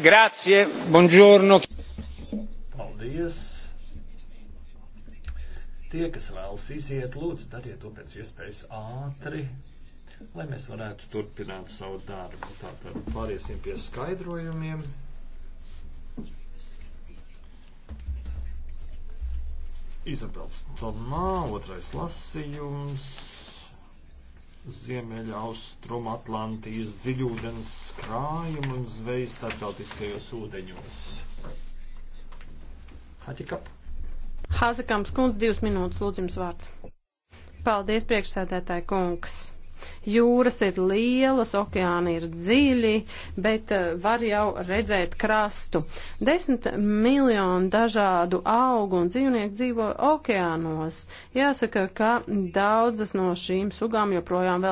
Grazie, buongiorno. Paldies. Tie, kas vēlas iziet, lūdzu, dariet to pēc iespējas ātri, lai mēs varētu turpināt savu darbu. Tātad pāriesim pie skaidrojumiem. Izabels Tomā, otrais lasījums. Ziemeļa austrumu Atlantijas dziļūdens krājumu un zveju starptautiskajos ūdeņos. Haķikap. Hazekams kundz, divas minūtes, lūdzu jums vārds. Paldies, priekšsēdētāji kungs. Jūras ir lielas, okeāni ir dziļi, bet eh, var jau redzēt krastu. Desmit miljonu dažādu augu un dzīvnieku dzīvo okeānos. Jāsaka, ka daudzas no šīm sugām joprojām vēl